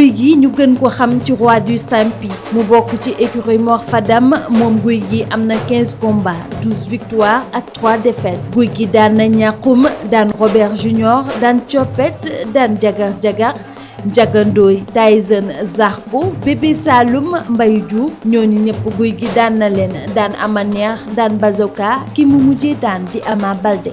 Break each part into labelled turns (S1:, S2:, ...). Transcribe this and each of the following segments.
S1: guy gi ñu gën ko xam ci roi du sampi mu bokk ci écurie Mor Fadam moom guy gi am na 15 combats 12 victoires ak 3 défaites guy gi daana na ñàqum daan Robert Junior daan coppet daan jagar jagar Njagandooy Tyson Zarko Bébé Saloum Mbaye Diouf ñooñu ñëpp guy gi daan na leen daan ama daan bazoka ki mu mujjee di Ama Baldé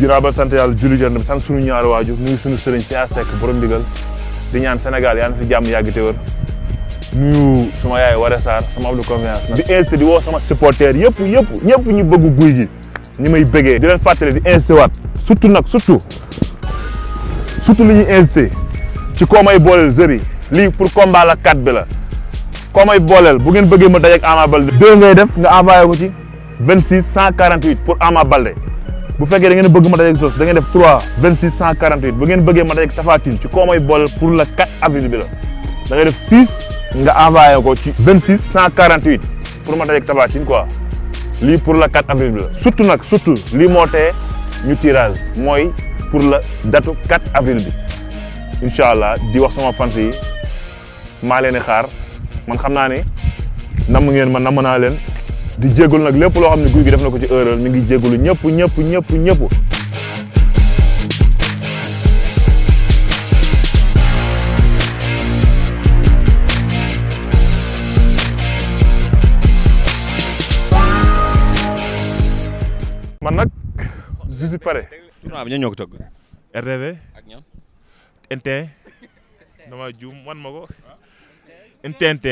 S1: ginnaaw ba sant yàlla julli jërëm sant sunu ñaari waajur nuyu sunu sëriñ Thiès Seck borom ndigal di ñaan Sénégal yaa na fi jàmm yàgg te wër nuyu suma yaay Waré Sarr sama am lu confiance di incité di woo sama supporter yëpp yëpp ñëpp ñu bëgg guy gi ñi may bëggee di leen fàttali di incité waat surtout nag surtout surtout li ñu incité ci koo may booleel zëri lii pour combat la kat bi la koo booleel bu ngeen bëggee ma dajeeg Ama Balde deux ngay de nga envoyé ko ci vingt six cent pour Ama Balde bu fekkee da ngeen bëgg ma dajeeg Zoss da ngeen def 3 26 148 bu ngeen bëggee ma dajeeg Tafatine ci koo bool pour le 4 avril bi la da def 6 nga envoyé ko ci 26 148 pour ma dajeeg Tafatine ko lii pour le 4 avril bi la surtout nag surtout lii moo tee ñu tirage mooy pour la datu 4 avril bi incha allah di wax sama fans yi maa leen di xaar man xam naa ne nam ngeen ma namm naa leen. di jégalu nag lépp loo xam ne guy gi def na ko ci erreur mi ngi jégalu ñëpp ñëpp ñëpp ñëpp man nag je suis paré. tournoi bi ñoo ñoo ko tëgg. RTV. juum wan ma ko. NTNT.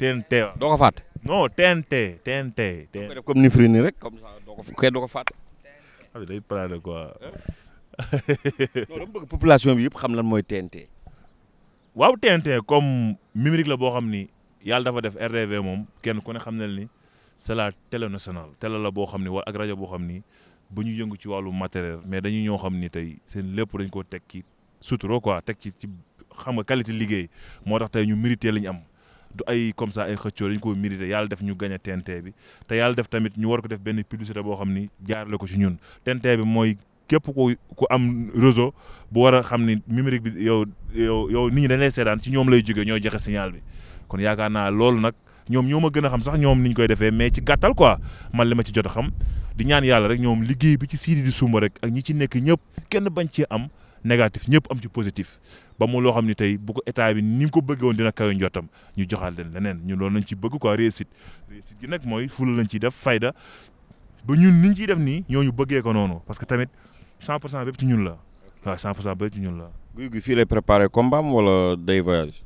S1: TNT. doo ko fàtte. non TNT TNT. TNT def comme Nifri nii rek comme ça doo ko xëy doo ko fàtte. ah day plané quoi. non population bi yëpp xam lan mooy TNT. waaw TNT comme mimérique la boo xam ni yàlla dafa def RDV moom kenn ku ne xam na ni c'est la télé nationale télé la boo xam ni wala ak rajo boo xam ni bu ñu yëngu ci wàllu matériel mais dañu ñoo xam ni tey seen lépp dañ koo teg ci sutura quoi teg ci ci xam nga qualité liggéey moo tax tey ñu mérité la ñu am. du ay comme ça ay xëccoo dañ koo mérité yàlla def ñu gañ a TNT bi te yàlla def tamit ñu war ko def benn publicité boo xam ni jaarale ko ci ñun TNT bi mooy képp ku ku am reseau bu war a xam ni numérique bi yow yow yow nit ñi dañ lay ci ñoom lay jógee ñooy joxe signal bi kon yaakaar naa loolu nag ñoom ñoo ma gën a xam sax ñoom niñ koy defee mais ci gàttal quoi man li ma ci jot a xam di ñaan yàlla rek ñoom liggéey bi ci Sidi di sumba rek ak ñi ci nekk ñëpp kenn bañ cee am négatif ñëpp am ci positif ba mu loo xam ni tey bu ko bi ni mu ko bëggee woon dina kawe njottam ñu joxaat leen leneen ñun loolu lañ ci bëgg quoi réussite réussite gi nag mooy fula lañ ciy def fayda ba ñun niñ ciy def nii ñooñu bëggee ko noonu parce que tamit 100 pour cent bépp la waaw 100 pour cent bépp ci ñun la. guy gi fii am wala day voyage.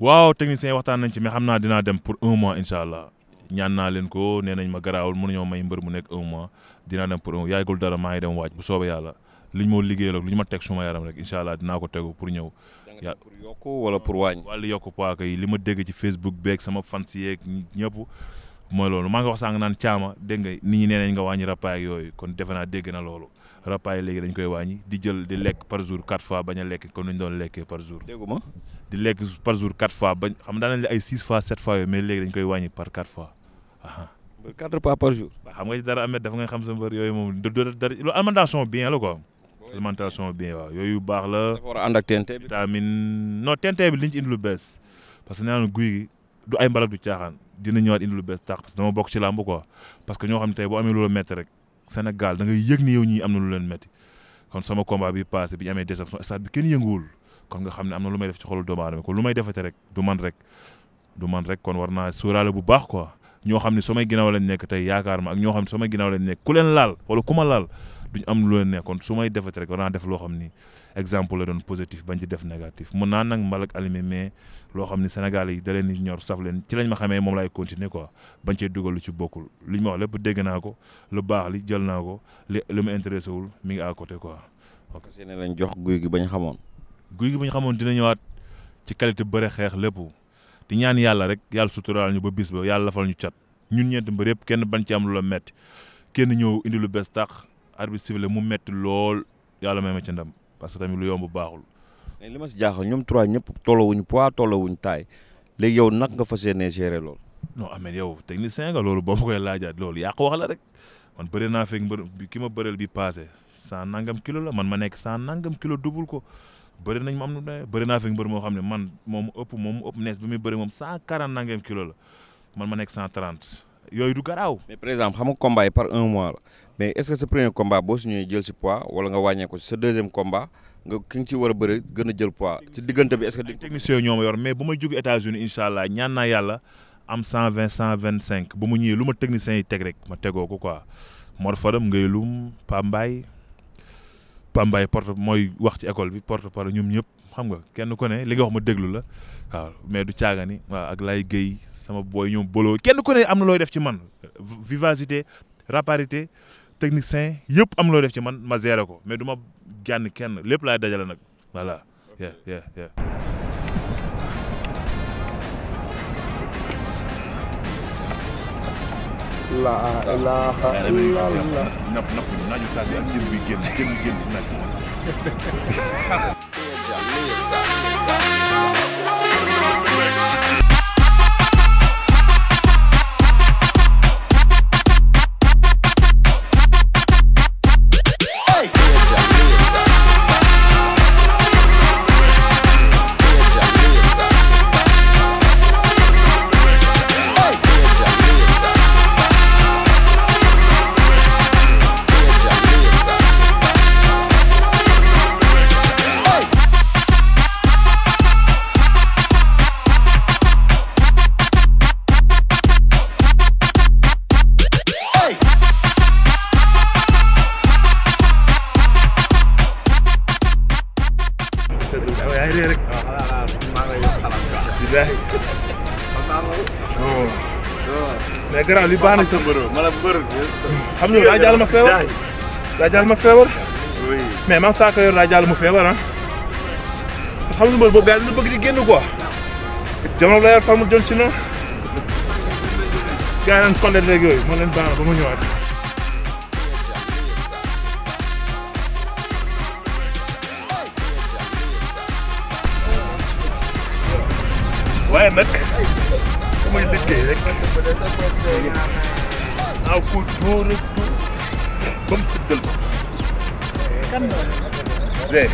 S1: waaw techniciens yi waxtaan nañ ci mais xam naa dinaa dem pour un mois incha allah ñaan naa leen ko nee nañ ma garaawul mënuñoo may mbër mu nekk un mois dinaa dem pour un yaay maa ngi dem waaj bu liñ moo liggéeyal ak li ñu ma teg suma yaram rek incha allah dinaa ko tegu pour ñëw. yaa pour yokk wala pour wàññi. li ma dégg ci Facebook beeg sama fans yeeg ñëpp mooy loolu maa ngi wax sànq naan caama dégg nga nit ñi nee nga wàññi repas yooyu kon defe naa dégg na loolu repas yi léegi dañ koy wàññi di jël di lekk par jour quatre fois bañ a lekk comme ni ñu doon lekkee par jour. dégguma di lekk par jour quatre fois bañ xam daan nañ la ay mais léegi dañ koy wàññi par quatre fois. quatre repas par jour. xam nga ci dara amee dafa nga xam sa mbër yooyu moom de de bien la quoi. alimentation bien waaw yooyu baax la. dafa war a ànd ak TNT bi vitamine non liñ ci indi lu bees parce que nee naa guy du ay mbalak du caaxaan dina ñëwaat indi lu bees tax parce que dama bokk ci làmb quoi parce que ñoo xam ne tey boo amee lu la métti rek Sénégal da ngay yëg ni yow ñii am na lu leen métti kon sama combat bi passé bi ñu amee déception stade bi kenn yënguwul kon nga xam ne am na lu may def ci xolu doomu aadama kon lu may defate rek du man rek du man rek kon war naa sóoraale bu baax quoi. ñoo xam ne samay ginnaaw lañ nekk tey yaakaar ak ñoo xam ne samay ginnaaw lañ leen laal wala ku ma laal duñ am lu leen kon su may defati rek war naa def loo xam ni exemple la doon positif bañ ci def négatif mun naa nag mbal ak mais loo xam ni Sénégal yi da leen ñor saf leen ci lañ ma xamee moom laay continuer quoi bañ cee dugal lu ci bokkul lu ñu ma wax lépp dégg naa ko lu baax li jël naa ko li li mu intéressé wul mi ngi à côté quoi. ok seen lañ jox guy gi bañ xamoon. guy gi bañ xamoon dina ñëwaat ci qualité bëre xeex lépp. di ñaan yàlla rek yàlla suturaal ñu ba bis ba yàlla lafal ñu cat ñun ñeenti mbër yëpp kenn bañ ci am lu la kenn ñëw indi lu bees tax arbitre sifflé mu metti lool yàlla may ma ci ndam parce que tamit lu yomb baaxul. mais li ma si jaaxal ñoom trois ñëpp tolloowuñ poids tolloowuñ taille léegi yow nag nga fas yéenee gérer lool. non Ameth yow technicien nga loolu boo ma koy laajaat loolu yàq wax la rek man bëri naa fekk mbër ki ma bëreel bi passé cent nangam kilo la man ma nekk cent nangam kilo double ko. bëri nañ ma am nu naa fi mbër moo xam ne man moom ëpp moom ëpp nees bi muy bëri moom cent quarante nangeem kilo la man ma nekk cent trente yooyu du garaaw. mais par exemple xam nga combat yi par un mois la mais est-ce que premier combat boo su ñëwee jël si pois wala nga wàññee ko si sa deuxième combat nga ki war a bëri gën a jël poids. ci diggante bi est-ce que. technicien ñoo ma yor mais bu may jóg États-Unis incha allah ñaan naa yàlla am cent vingt cent vingt cinq bu mu ñëwee lu ma technicien yi teg rek ma tegoo ko quoi Mor Fadam Ngaye Loum Pambaay Pambaay porte mooy wax ci école bi porte parole ñoom ñëpp xam nga kenn ku ne li nga wax ma déglu la waaw mais du caagani waaw ak lay géey sama booy ñoom bolo kenn ku ne am na looy def ci man vivacité raparité technicien yëpp am loo def ci man ma géré ko mais du ma gànn kenn lépp laay dajale nag voilà la ilaha illallah. napp napp nañu tàggat jëm bi génn jëm génn nañu. mais grand li baax na sa mbërëb ma la mbërëb. xam nga daa jàll ma feebar daa jàll ma feebar. oui mais man saako yor daa jàll ma feebar ah. parce que xam nga mbër boobu gars yi bëgg di génn quoi. jamono la yor fan mu jël si noonu. gars yi naan collègue rek yooyu moo leen baax ba ma ñëwaat. waaye nag. muito de quê? Ao futuro. Como se deu? Zé,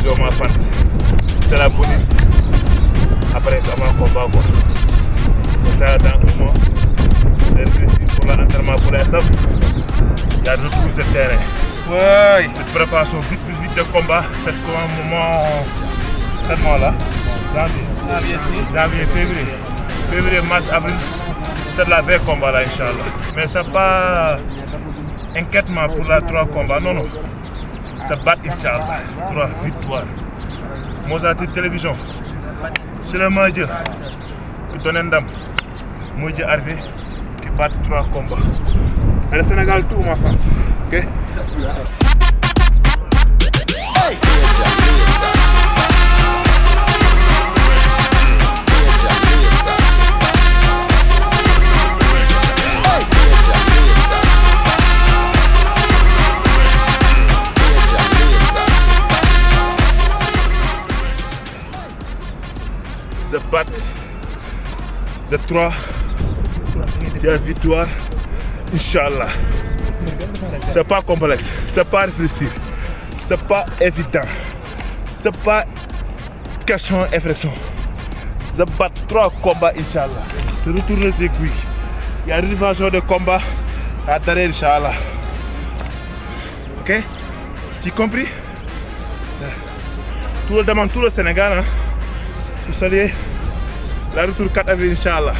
S1: temos uma parte. Se bonito. Après, comment combat quoi. Você está dans le moment. C'est pour l'entraînement pour la SAF. Il y a d'autres coups de terrain. Ouais, cette préparation vite, vite, vite de combat. C'est quoi un moment. Traitement là. Janvier. Janvier, février. février, mars, avril, c'est de la belle combat là, Inch'Allah. Mais n'est pas inquiétement pour la trois combats, non, non. C'est battre Inch'Allah, trois victoires. Mozati Télévision, c'est le Dieu qui donne une dame. j'ai qui bat trois combats. le Sénégal, tout, ma France. Ok? battre Bat, Z3, il a victoire, Inch'Allah. C'est pas complexe, c'est pas réfléchi c'est pas évident, c'est pas question effraction. z battre 3 combats, Inch'Allah. Retourne les aiguilles. Il y a une de combat à derrière, Inch'Allah. Ok Tu compris Tout le demande, tout le Sénégal. Hein? Vous savez, la retour 4 avril, Inch'Allah.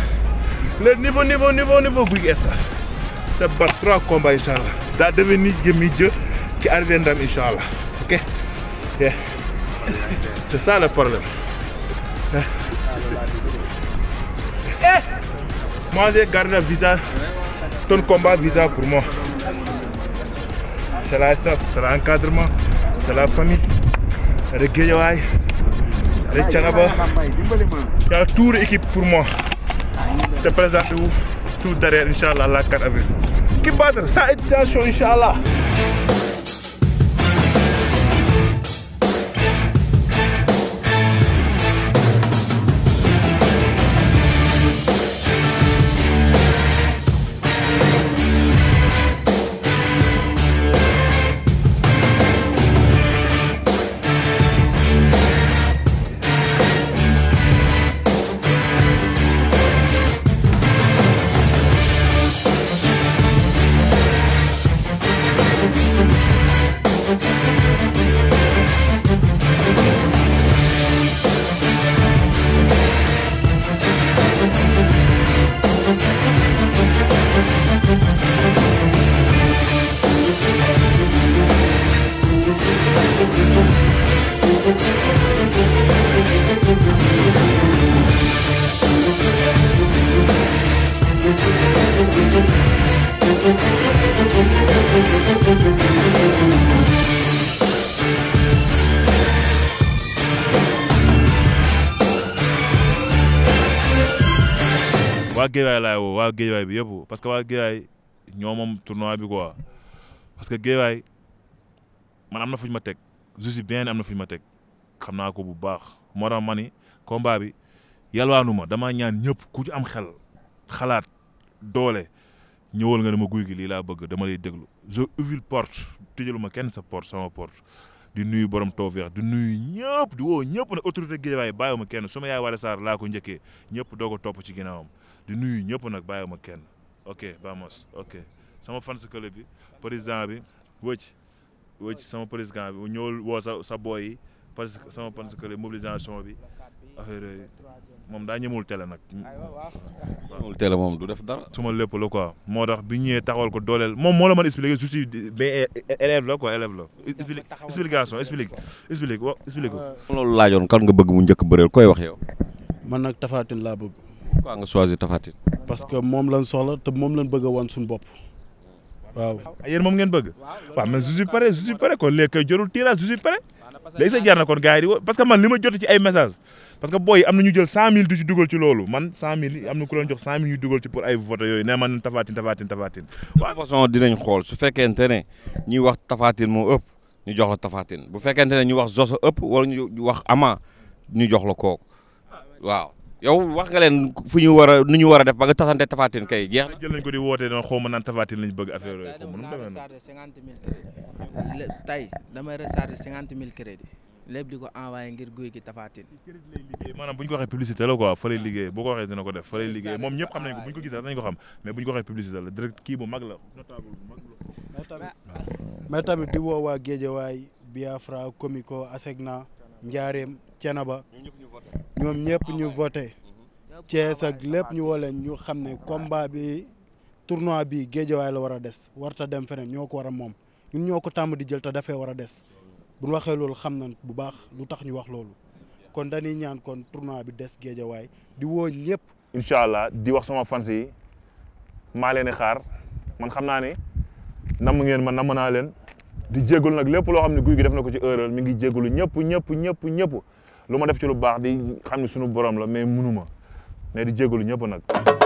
S1: Le niveau, niveau, niveau, niveau, ça. C'est battre 3 combats, Inch'Allah. Dans devenir Dieu qui arrivera dans Inch'Allah. Ok C'est ça le problème. Eh! Eh! Moi, j'ai gardé un visa, ton combat visa pour moi. C'est la c'est l'encadrement, c'est la famille, le de Thiénaba y a toute l'équipe pour moi te présente tout derrière incha allah la 4 avril ki battre sa éducation incha allah waa Géejawaay laay woo waa Géejawaay bi yëpp parce que waa Géejawaay ñoo moom tournoi bi quoi parce que Géejawaay man am na fu ma teg je suis bien am na fu ma teg xam naa ko bu baax moo tax ma bi yalwaanu ma damaa ñaan ñëpp ku ci am xel xalaat doole ñëwal nga ne ma guy gi lii laa bëgg dama lay déglu je ouvre porte tëjalu ma kenn sa porte sama porte di nuyu borom tawfeex di nuyu ñëpp di woo ñëpp ne autorité Guédiawaye bàyyiwuma kenn su ma yaay Wally Sarr laa ko njëkkee ñëpp doo ko topp ci ginnaawam di nuyu ñëpp nag bàyyiwuma kenn ok vamos ok sama fans club bi président bi wëcc wëcc sama président bi ñëwul woo sa sa boy yi que sama fans club mobilisation bi affaire yooyu moom daa ñëmul télé nag. ñëmul télé moom du def dara. suma lépp la ko moo tax bi ñëwee taxawal ko dooleel moom moo la mën expliquer je suis élève la quoi élève la. explication explique explique wa explique. loolu kan nga bëgg mu njëkk bëreel koy wax yow. man nag Tapha laa bëgg. pourquoi nga choisir Tapha Tine. parce que moom lañ soxla te moom lañ bëgg a wan suñu bopp. waaw ah, yéen moom bëgg waaw mais je koy jorul tirage je suis prêt léegi sa jar na kon gars yi di parce que man li ma jot ci ay message parce que booy am na ñu jël cent mille du ci dugal ci loolu man cent mille am na ku leen jox cent mille ñu dugal ci pour ay vote yooyu nee tafaatin tafaatin tafaatin waaw façon dinañ xool su fekkente ne ñuy wax tafaatin moo ëpp ñu jox la tafaatin bu fekkente ne ñu wax zoso ëpp wala ñu wax ama ñu jox la kooku waaw yow wax nga leen fu ñu war a nu ñu war a def ba nga tasante tafaatin kay jeex na. jël nañ ko di woote xaw ma naan tafaatin lañ bëgg affaire yooyu xaw ma nu mu demee noonu. tey damay recharger cinquante mille crédit. lépp di ko envoyé ngir guy gi tafaatin. maanaam bu ñu ko waxee publicité la quoi fa lay ah. liggéey boo ko waxee dina ko def fa lay liggéey moom ñëpp xam nañ ko bu ñu ko gisee dañ ko xam mais bu ñu ko waxee publicité la direct kii bu mag la notable bu mag la. mais tamit di woo waa Géejawaay Biafra Comico Asegna Njaareem Cenaba ñoom ñëpp ñu ah, voté Thiès ak lépp ñu woo ñu xam ne combat bi tournoi bi Géejawaay la war a des warta dem feneen ñoo ko war a moom ñun ñoo ko tàmm di jël te dafee war a des. bu ñu waxee loolu xam nañ bu baax lu tax ñu wax loolu kon dañuy ñaan kon tournoi bi des géejawaay di woo ñëpp. incha allah di wax sama fans yi maa leen i xaar man xam naa ne namm ngeen ma namm naa leen di jégalu nag lépp loo xam ne guy gi def na ko ci erreur mi ngi jégalu ñëpp ñëpp ñëpp ñëpp lu ma def ci lu baax di xam ne sunu borom la mais mënuma mais di jégalu ñëpp nag.